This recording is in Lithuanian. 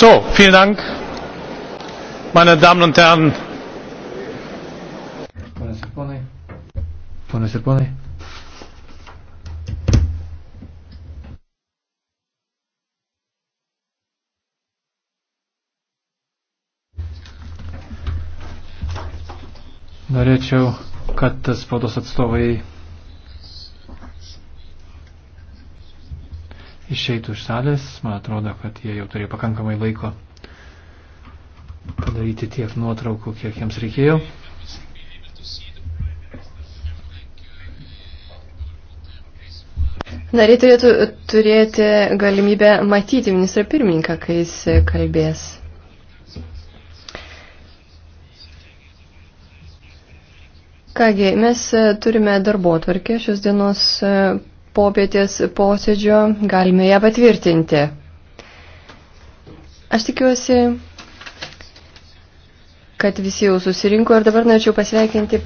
So, vielen Dank, meine Damen und Herren. Ponas ir ponai. Ponas ir ponai. Norėčiau, kad spaudos atstovai išeitų iš salės. Man atrodo, kad jie jau turėjo pakankamai laiko padaryti tiek nuotraukų, kiek jiems reikėjo. Nariai turėtų turėti galimybę matyti ministrą pirmininką, kai jis kalbės. Kągi, mes turime darbo tvarkę šios dienos popietės posėdžio galime ją patvirtinti. Aš tikiuosi, kad visi jau susirinko ir dabar norėčiau pasveikinti.